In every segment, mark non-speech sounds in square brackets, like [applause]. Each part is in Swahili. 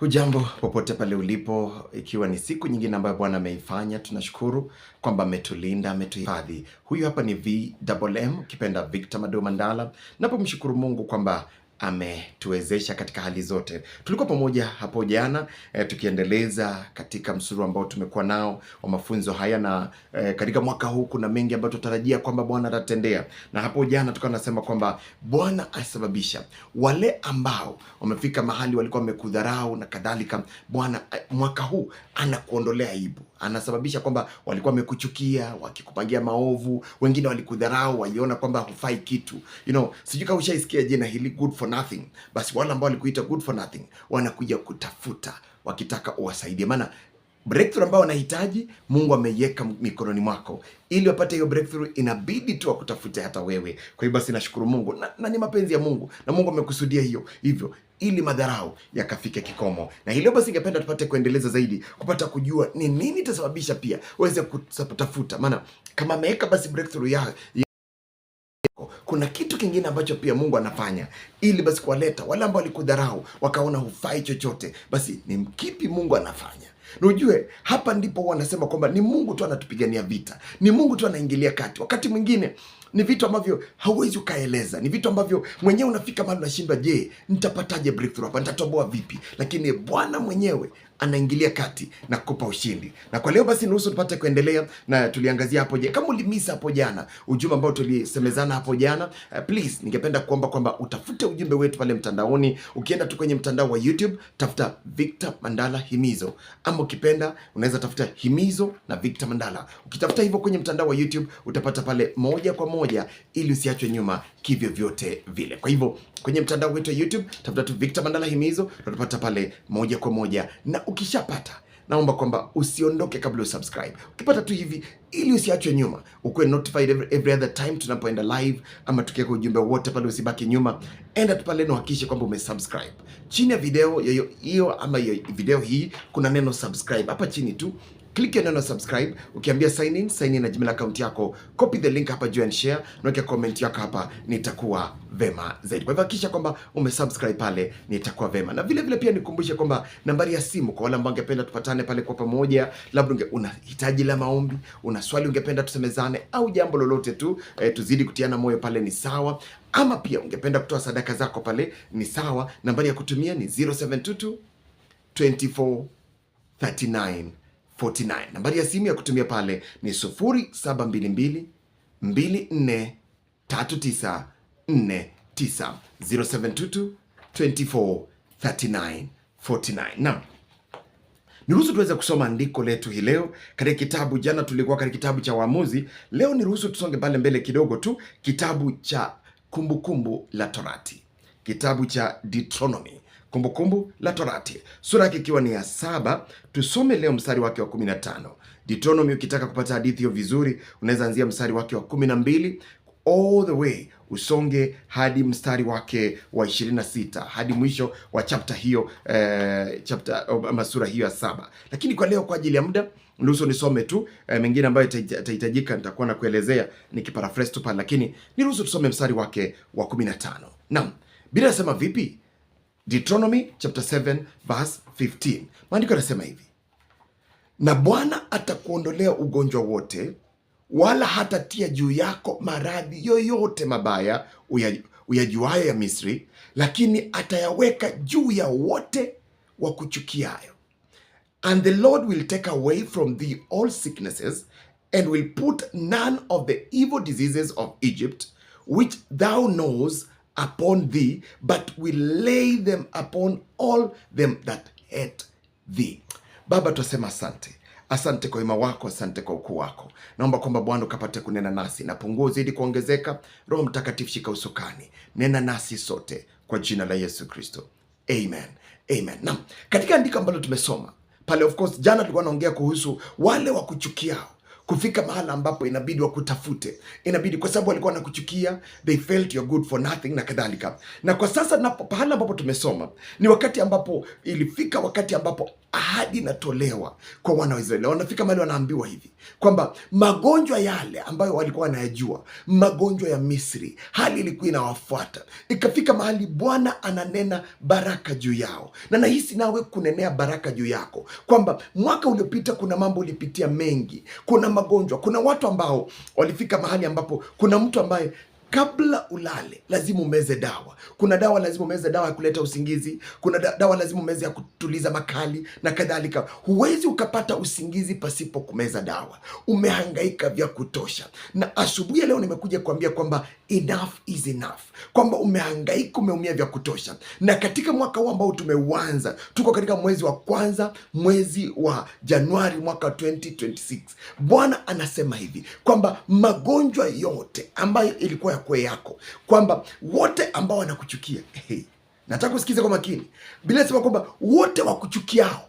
Hujambo popote pale ulipo, ikiwa ni siku nyingine ambayo Bwana ameifanya, tunashukuru kwamba ametulinda, ametuhifadhi. Huyu hapa ni VMM, kipenda Victor Mandala. Napomshukuru Mungu kwamba ametuwezesha katika hali zote. Tulikuwa pamoja hapo jana e, tukiendeleza katika msuru ambao tumekuwa nao wa mafunzo haya na e, katika mwaka huu kuna mengi ambayo tutarajia kwamba Bwana atatendea, na hapo jana tukawa nasema kwamba Bwana asababisha wale ambao wamefika mahali walikuwa wamekudharau na kadhalika. Bwana eh, mwaka huu anakuondolea aibu, anasababisha kwamba walikuwa wamekuchukia wakikupangia maovu, wengine walikudharau, waliona kwamba hufai kitu. You know, sijui kama ushaisikia jina hili good for nothing, basi wale ambao walikuita good for nothing wanakuja kutafuta wakitaka uwasaidie, maana breakthrough ambao wanahitaji Mungu ameiweka mikononi mwako. Ili wapate hiyo breakthrough, inabidi tu wakutafute hata wewe. Kwa hiyo basi nashukuru Mungu na, na ni mapenzi ya Mungu na Mungu amekusudia hiyo hivyo ili madharau yakafike kikomo. Na hilo basi, ningependa tupate kuendeleza zaidi, kupata kujua ni nini itasababisha pia uweze kutafuta, maana kama ameweka basi breakthrough ya kuna kitu kingine ambacho pia Mungu anafanya ili basi kuwaleta wale ambao walikudharau wakaona hufai chochote. Basi ni kipi Mungu anafanya? Na ujue hapa ndipo wanasema kwamba ni Mungu tu anatupigania vita, ni Mungu tu anaingilia kati wakati mwingine ni vitu ambavyo hauwezi ukaeleza, ni vitu ambavyo mwenyewe unafika mahali unashindwa, je, nitapataje breakthrough hapa, nitatoboa vipi? Lakini Bwana mwenyewe anaingilia kati na kukupa ushindi. Na kwa leo basi, niruhusu tupate kuendelea na tuliangazia hapo. Je, kama ulimisa hapo jana ujumbe ambao tulisemezana hapo jana, uh, please ningependa kuomba kwamba utafute ujumbe wetu pale mtandaoni. Ukienda tu kwenye mtandao wa YouTube, tafuta Victor Mandala Himizo, ama ukipenda unaweza tafuta Himizo na Victor Mandala. Ukitafuta hivyo kwenye mtandao wa YouTube utapata pale moja kwa moja pamoja ili usiachwe nyuma kivyo vyote vile. Kwa hivyo kwenye mtandao wetu wa YouTube tafuta tu Victor Mandala Himizo, utapata pale moja kwa moja, na ukishapata naomba kwamba usiondoke kabla usubscribe, ukipata tu hivi, ili usiachwe nyuma, ukuwe notified every, every other time tunapoenda live ama tukiweka ujumbe wote pale, usibaki nyuma. Enda tu pale na uhakikishe kwamba umesubscribe. Chini ya video hiyo ama video hii kuna neno subscribe hapa chini tu, click ya neno subscribe, ukiambia sign in, sign in na Gmail account yako, copy the link hapa juu and share, na ukia comment yako hapa, nitakuwa vema zaidi. Kwa hivyo hakikisha kwamba umesubscribe pale, nitakuwa vema. Na vile vile pia nikukumbushe kwamba nambari ya simu kwa wale ambao ungependa tupatane pale kwa pamoja, labda una hitaji la maombi, una swali ungependa tusemezane, au jambo lolote tu eh, tuzidi kutiana moyo pale, ni sawa ama pia ungependa kutoa sadaka zako pale ni sawa. Nambari ya kutumia ni 0722 24 39 49. Nambari ya simu ya kutumia pale ni 0722 24 39 49 072 Niruhusu tuweze kusoma andiko letu hii leo katika kitabu. Jana tulikuwa katika kitabu cha Waamuzi, leo niruhusu tusonge pale mbele kidogo tu, kitabu cha Kumbukumbu la Torati, kitabu cha Deuteronomy Kumbukumbu la Torati sura yake ikiwa ni ya saba. Tusome leo mstari wake wa kumi na tano. Deuteronomy, ukitaka kupata hadithi hiyo vizuri, unaweza anzia mstari wake wa 12 all the way usonge hadi mstari wake wa ishirini na sita hadi mwisho wa chapta hiyo eh, chapta ama hiyo ya saba. Lakini kwa leo, kwa ajili ya muda, niruhusu nisome tu eh, mengine ambayo itahitajika nitakuwa na kuelezea nikiparaphrase tu pale, lakini niruhusu tusome mstari wake wa kumi na tano. Naam, bila sema vipi Deuteronomy chapter 7 verse 15. Maandiko yanasema hivi, na Bwana atakuondolea ugonjwa wote, wala hatatia juu yako maradhi yoyote mabaya uyajuayo ya Misri, lakini atayaweka juu ya wote wa kuchukiayo. And the Lord will take away from thee all sicknesses and will put none of the evil diseases of Egypt which thou knowest upon thee, but we lay them upon all them that hate thee. Baba, twasema asante. Asante kwa wema wako, asante kwa ukuu wako. Naomba kwamba Bwana ukapate kunena nasi napungua uzidi kuongezeka. Roho Mtakatifu, shika usukani, nena nasi sote kwa jina la Yesu Kristo, amen, amen. Naam, katika andiko ambalo tumesoma pale, of course, jana tulikuwa naongea kuhusu wale wa kuchukiao kufika mahala ambapo inabidi wakutafute, inabidi kwa sababu walikuwa wanakuchukia, they felt you're good for nothing na kadhalika. Na kwa sasa na pahala ambapo tumesoma ni wakati ambapo ilifika wakati ambapo ahadi inatolewa kwa wana wa Israeli. Wanafika mahali wanaambiwa hivi kwamba magonjwa yale ambayo walikuwa wanayajua, magonjwa ya Misri, hali ilikuwa inawafuata. Ikafika mahali Bwana ananena baraka juu yao, na nahisi nawe kunenea baraka juu yako, kwamba mwaka uliopita kuna mambo ulipitia mengi, kuna magonjwa, kuna watu ambao walifika mahali ambapo kuna mtu ambaye Kabla ulale lazima umeze dawa. Kuna dawa lazima umeze, dawa ya kuleta usingizi. Kuna dawa lazima umeze ya kutuliza makali na kadhalika. Huwezi ukapata usingizi pasipo kumeza dawa. Umehangaika vya kutosha, na asubuhi ya leo nimekuja kuambia kwamba enough is enough, kwamba umehangaika, umeumia vya kutosha. Na katika mwaka huu ambao tumeuanza, tuko katika mwezi wa kwanza, mwezi wa Januari mwaka 2026, Bwana anasema hivi kwamba magonjwa yote ambayo ilikuwa yakwe yako, kwamba wote ambao wanakuchukia hey, nataka usikize kwa makini. bila sema kwamba wote wakuchukiao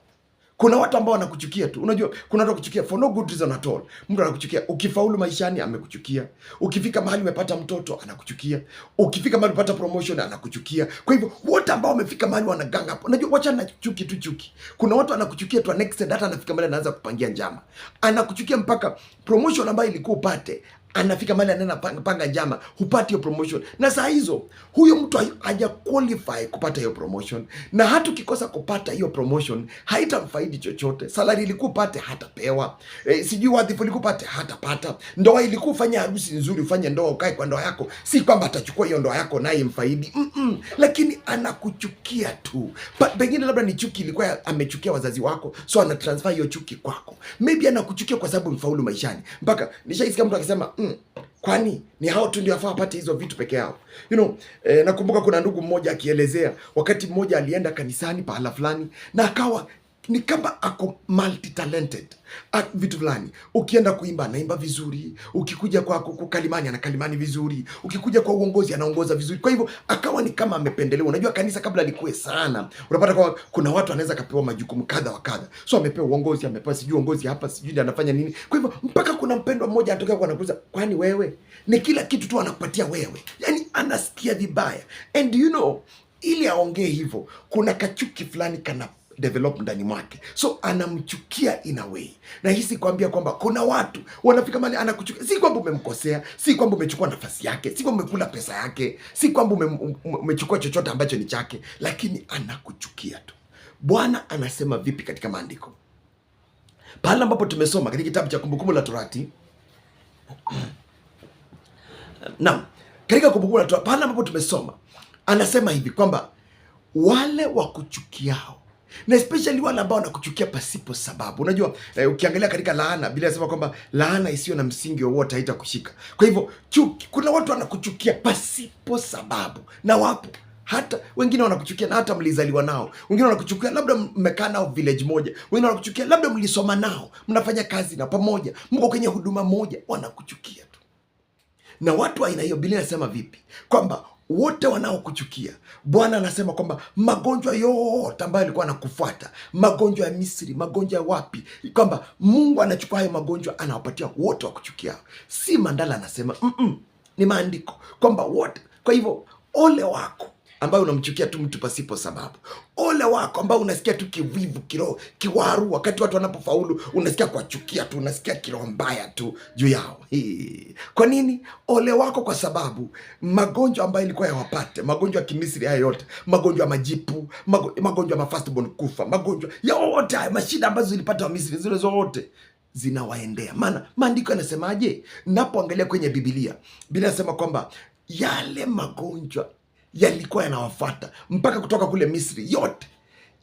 kuna watu ambao wanakuchukia tu. Unajua kuna watu wakuchukia for no good reason at all. Mtu anakuchukia ukifaulu maishani amekuchukia. Ukifika mahali umepata mtoto anakuchukia. Ukifika mahali umepata promotion anakuchukia. Kwa hivyo wote ambao wamefika mahali wanaganga hapo. Unajua wacha na chuki tu chuki. Kuna watu anakuchukia tu next hata anafika mahali anaanza kupangia njama. Anakuchukia mpaka promotion ambayo ilikuwa upate anafika mali anena panga njama, hupati hiyo promotion. Na saa hizo huyo mtu haja qualify kupata hiyo promotion, na hata ukikosa kupata hiyo promotion haitamfaidi chochote. Salari ilikuwa upate hatapewa, e, sijui wadhifu ilikuwa upate hatapata. Ndoa ilikuwa ufanye harusi nzuri, ufanye ndoa, ukae kwa ndoa yako, si kwamba atachukua hiyo ndoa yako naye imfaidi mm -mm. Lakini anakuchukia tu, pengine labda ni chuki ilikuwa amechukia wazazi wako, so anatransfer hiyo chuki kwako. Maybe anakuchukia kwa sababu mfaulu maishani, mpaka nishaisikia mtu akisema mm. Kwani ni hao tu ndio wafaa wapate hizo vitu peke yao you know, eh, nakumbuka kuna ndugu mmoja akielezea wakati mmoja alienda kanisani pahala fulani na akawa ni kama ako multi talented vitu fulani. Ukienda kuimba anaimba vizuri, ukikuja kwa kukalimani anakalimani vizuri, ukikuja kwa uongozi anaongoza vizuri. Kwa hivyo akawa ni kama amependelewa. Unajua kanisa kabla likuwe sana, unapata kwa kuna watu anaweza kapewa majukumu kadha wa kadha, so amepewa uongozi, amepewa sijui uongozi hapa, sijui anafanya nini. Kwa hivyo mpaka kuna mpendwa mmoja anatokea kwa anakuuliza, kwani wewe ni kila kitu tu anakupatia wewe? Yani anasikia vibaya, and you know, ili aongee hivyo kuna kachuki fulani kana develop ndani mwake, so anamchukia in a way. Na hisi kuambia kwamba kuna watu wanafika mali anakuchukia, si kwamba umemkosea, si kwamba umechukua nafasi yake, si kwamba umekula pesa yake, si kwamba umechukua chochote ambacho ni chake, lakini anakuchukia tu. Bwana anasema vipi katika maandiko pale ambapo tumesoma katika kitabu cha Kumbukumbu la Torati [clears throat] na katika Kumbukumbu la Torati pale ambapo tumesoma anasema hivi kwamba wale wakuchukiao na especially wale ambao wanakuchukia pasipo sababu. Unajua eh, ukiangalia katika laana, Biblia inasema kwamba laana isiyo na msingi wowote haitakushika. Kwa hivyo chuki, kuna watu wanakuchukia pasipo sababu, na wapo hata wengine wanakuchukia na hata mlizaliwa nao, wengine wanakuchukia labda mmekaa nao village moja, wengine wanakuchukia labda mlisoma nao, mnafanya kazi na pamoja, mko kwenye huduma moja, wanakuchukia tu. Na watu aina hiyo, Biblia inasema vipi? Kwamba wote wanaokuchukia. Bwana anasema kwamba magonjwa yote ambayo alikuwa anakufuata, magonjwa ya Misri, magonjwa ya wapi, kwamba Mungu anachukua hayo magonjwa anawapatia wote wakuchukia Si Mandala anasema mm -mm, ni maandiko kwamba wote. Kwa hivyo ole wako ambayo unamchukia tu mtu pasipo sababu. Ole wako ambao unasikia tu kivivu kiroho, kiwaru, wakati watu wanapofaulu unasikia kuwachukia tu, unasikia kiroho mbaya tu juu yao. kwa nini? Ole wako kwa sababu magonjwa ambayo ilikuwa yawapate, magonjwa ya Kimisri haya yote, magonjwa ya majipu, magonjwa ya mafastborn kufa, magonjwa yote haya, mashida ambazo zilipata Wamisri zile zote zinawaendea. Maana maandiko yanasemaje? Napoangalia kwenye Bibilia, Biblia nasema kwamba yale magonjwa yalikuwa yanawafata mpaka kutoka kule Misri, yote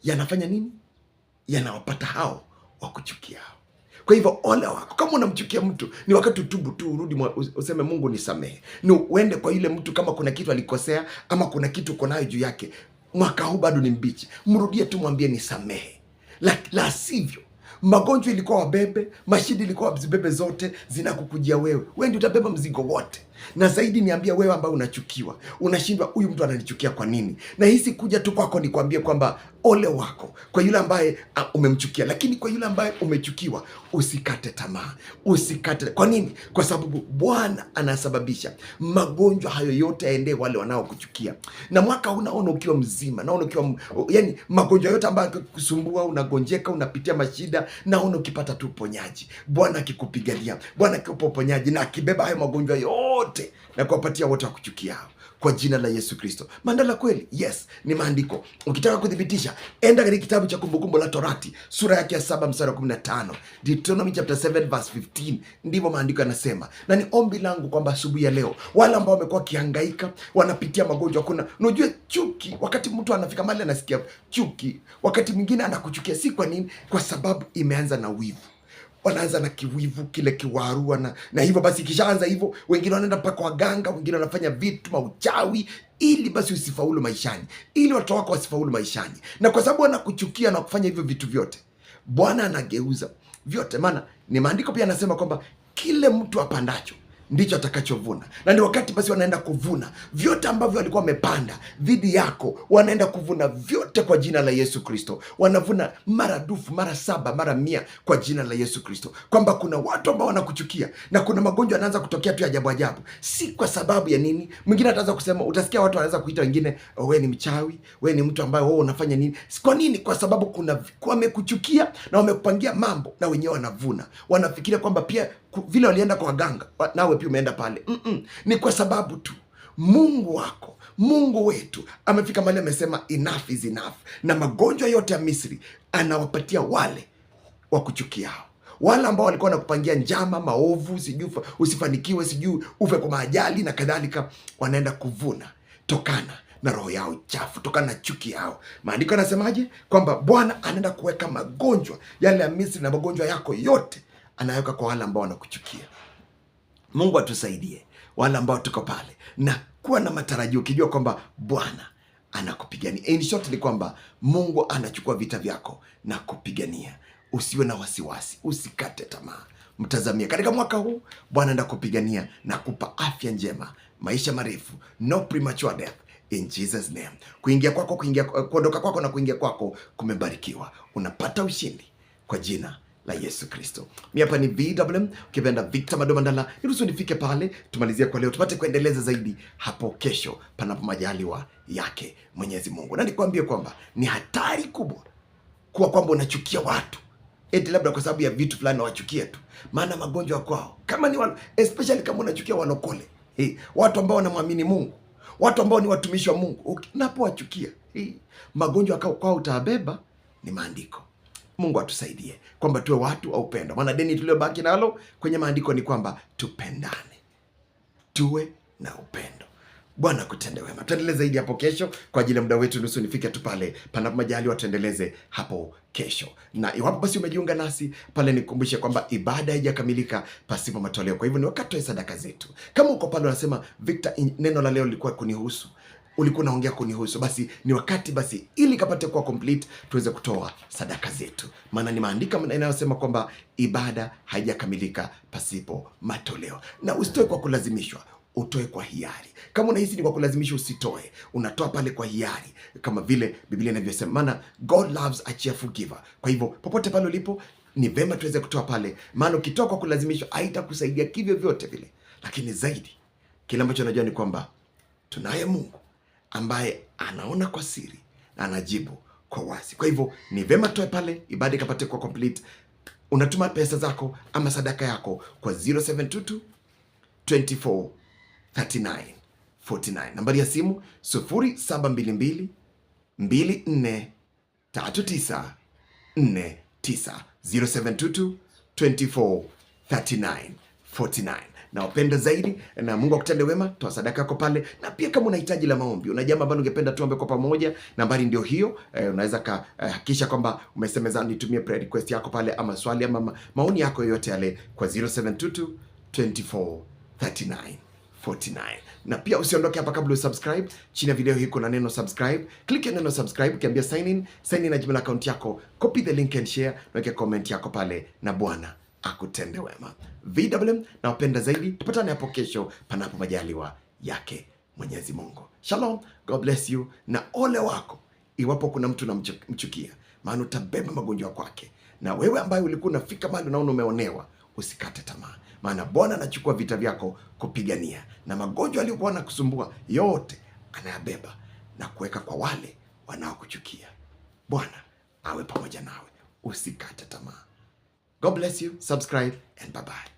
yanafanya nini? Yanawapata hao wa kuchukia hao. Kwa hivyo ole wako kama unamchukia mtu, ni wakati utubu tu, urudi useme Mungu nisamehe, ni uende kwa yule mtu, kama kuna kitu alikosea ama kuna kitu uko nayo juu yake, mwaka huu bado ni mbichi, mrudie tu, mwambie nisamehe, la, la sivyo magonjwa ilikuwa wabebe, mashidi ilikuwa zibebe, zote zinakukujia wewe, wewe ndio utabeba mzigo wote na zaidi niambia wewe ambaye unachukiwa, unashindwa, huyu mtu ananichukia kwa nini? Na hisi kuja tu kwako nikwambie kwamba ole wako kwa yule ambaye ah, umemchukia. Lakini kwa yule ambaye umechukiwa, usikate tamaa, usikate. Kwa nini? Kwa sababu Bwana anasababisha magonjwa hayo yote aende wale wanaokuchukia. Na mwaka huu naona ukiwa mzima, naona ukiwa yani, magonjwa yote ambayo kusumbua, unagonjeka, unapitia mashida, naona ukipata tu uponyaji. Bwana akikupigalia Bwana akikupa uponyaji na akibeba hayo magonjwa yote wote na kuwapatia wote wa kuchukiao kwa jina la Yesu Kristo. Mandala kweli? Yes, ni maandiko. Ukitaka kuthibitisha, enda katika kitabu cha Kumbukumbu la Torati sura yake ya saba mstari wa tano Deuteronomy chapter 7 verse 15. Ndivyo maandiko yanasema, na ni ombi langu kwamba asubuhi ya leo wale ambao wamekuwa wakihangaika, wanapitia magonjwa, kuna unajua chuki. Wakati mtu anafika mahali anasikia chuki, wakati mwingine anakuchukia, si kwa nini? Kwa sababu imeanza na wivu wanaanza na kiwivu kile kiwarua na, na hivyo basi, ikishaanza hivyo, wengine wanaenda mpaka waganga, wengine wanafanya vitu mauchawi ili basi usifaulu maishani, ili watoto wako wasifaulu maishani. Na kwa sababu wanakuchukia na kufanya hivyo vitu vyote, Bwana anageuza vyote, maana ni maandiko pia anasema kwamba kile mtu apandacho ndicho atakachovuna. Na ni wakati basi wanaenda kuvuna vyote ambavyo walikuwa wamepanda dhidi yako, wanaenda kuvuna vyote kwa jina la Yesu Kristo. Wanavuna mara dufu mara saba mara mia kwa jina la Yesu Kristo, kwamba kuna watu ambao wanakuchukia na kuna magonjwa yanaanza kutokea pia ajabu ajabu. Si kwa sababu ya nini, mwingine ataweza kusema, utasikia watu wanaweza kuita wengine, oh, wewe ni mchawi, wewe ni mtu ambaye wewe unafanya nini. Kwa nini? Kwa sababu kuna wamekuchukia na wamekupangia mambo, na wenyewe wanavuna, wanafikiria kwamba pia vile walienda kwa waganga, nawe pia umeenda pale. Mm -mm. Ni kwa sababu tu Mungu wako Mungu wetu amefika mahali amesema enough is enough, na magonjwa yote ya Misri anawapatia wale wa kuchukiao, wale ambao walikuwa wanakupangia njama maovu, sijui usifanikiwe, sijui ufe kwa maajali na kadhalika. Wanaenda kuvuna tokana na roho yao chafu, tokana na chuki yao. Maandiko anasemaje? Kwamba Bwana anaenda kuweka magonjwa yale ya Misri na magonjwa yako yote anaweka kwa wale ambao wanakuchukia. Mungu atusaidie wale ambao tuko pale, na kuwa na matarajio ukijua kwamba Bwana anakupigania. In short ni kwamba Mungu anachukua vita vyako na kupigania. Usiwe na wasiwasi, usikate tamaa. Mtazamia katika mwaka huu, Bwana ndakupigania na kupa afya njema, maisha marefu, no premature death in Jesus name. Kuingia kwako, kuingia kuondoka kwako na kuingia kwako kumebarikiwa. Unapata ushindi kwa jina la Yesu Kristo. Mi hapa ni VMM, ukipenda Victor Madomandala, niruhusu nifike pale tumalizie kwa leo, tupate kuendeleza zaidi hapo kesho, panapo majaliwa yake Mwenyezi Mungu. Na nikwambie kwamba ni hatari kubwa kuwa kwamba unachukia watu eti labda kwa sababu ya vitu fulani nawachukia tu, maana magonjwa kwao kama ni wano, especially kama unachukia wanokole hey, watu ambao wanamwamini Mungu, watu ambao ni watumishi wa Mungu, unapowachukia hey, magonjwa kwao utabeba ni maandiko Mungu atusaidie kwamba tuwe watu wa upendo, maana deni tuliobaki nalo kwenye maandiko ni kwamba tupendane, tuwe na upendo. Bwana kutende wema. Tutaendelea zaidi hapo kesho kwa ajili ya muda wetu nusu, nifike tu pale panapo majaliwa, tuendeleze hapo kesho. Na iwapo basi umejiunga nasi pale, nikukumbushe kwamba ibada haijakamilika pasipo matoleo. Kwa hivyo ni wakati wa sadaka zetu. Kama uko pale unasema Victor, neno la leo lilikuwa kunihusu ulikuwa unaongea kunihusu, basi ni wakati basi, ili kapate kuwa complete, tuweze kutoa sadaka zetu, maana ni maandika inayosema kwamba ibada haijakamilika pasipo matoleo, na usitoe kwa kulazimishwa utoe kwa hiari. Kama unahisi ni kwa kulazimisha, usitoe. Unatoa pale kwa hiari, kama vile Biblia inavyosema, maana God loves a cheerful giver. Kwa hivyo popote pale ulipo, ni vema tuweze kutoa pale, maana ukitoa kwa kulazimishwa haitakusaidia kivyo vyote vile. Lakini zaidi, kile ambacho najua ni kwamba tunaye Mungu ambaye anaona kwa siri na anajibu kwa wazi. Kwa hivyo ni vema toe pale, ibada ikapate kwa complete. Unatuma pesa zako ama sadaka yako kwa 0722 24 39 Nambari ya simu 0722 24 39 0722 24 39 49 na wapende zaidi na Mungu akutende wema. Toa sadaka yako pale, na pia kama unahitaji la maombi, una jambo ambalo ungependa tuombe kwa pamoja, nambari ndio hiyo. E, unaweza kuhakikisha eh, kwamba umesemeza nitumie prayer request yako pale, ama swali ama ma maoni yako yoyote yale kwa 0722 24 39 49. Na pia usiondoke hapa kabla usubscribe. Chini ya video hii kuna neno subscribe. Click ya neno subscribe, ukiambia sign in, sign in na Gmail account yako, copy the link and share, weke comment yako pale na Bwana akutende wema. VMM na wapenda zaidi, tupatane hapo kesho, panapo majaliwa yake Mwenyezi Mungu. Shalom, God bless you, na ole wako iwapo kuna mtu namchukia, maana utabeba magonjwa kwake. Na wewe ambaye ulikuwa unafika mahali unaona umeonewa, usikate tamaa, maana Bwana anachukua vita vyako kupigania, na magonjwa aliyokuwa anakusumbua yote anayabeba na kuweka kwa wale wanaokuchukia. Bwana awe pamoja nawe, usikate tamaa. God bless you. Subscribe and bye bye.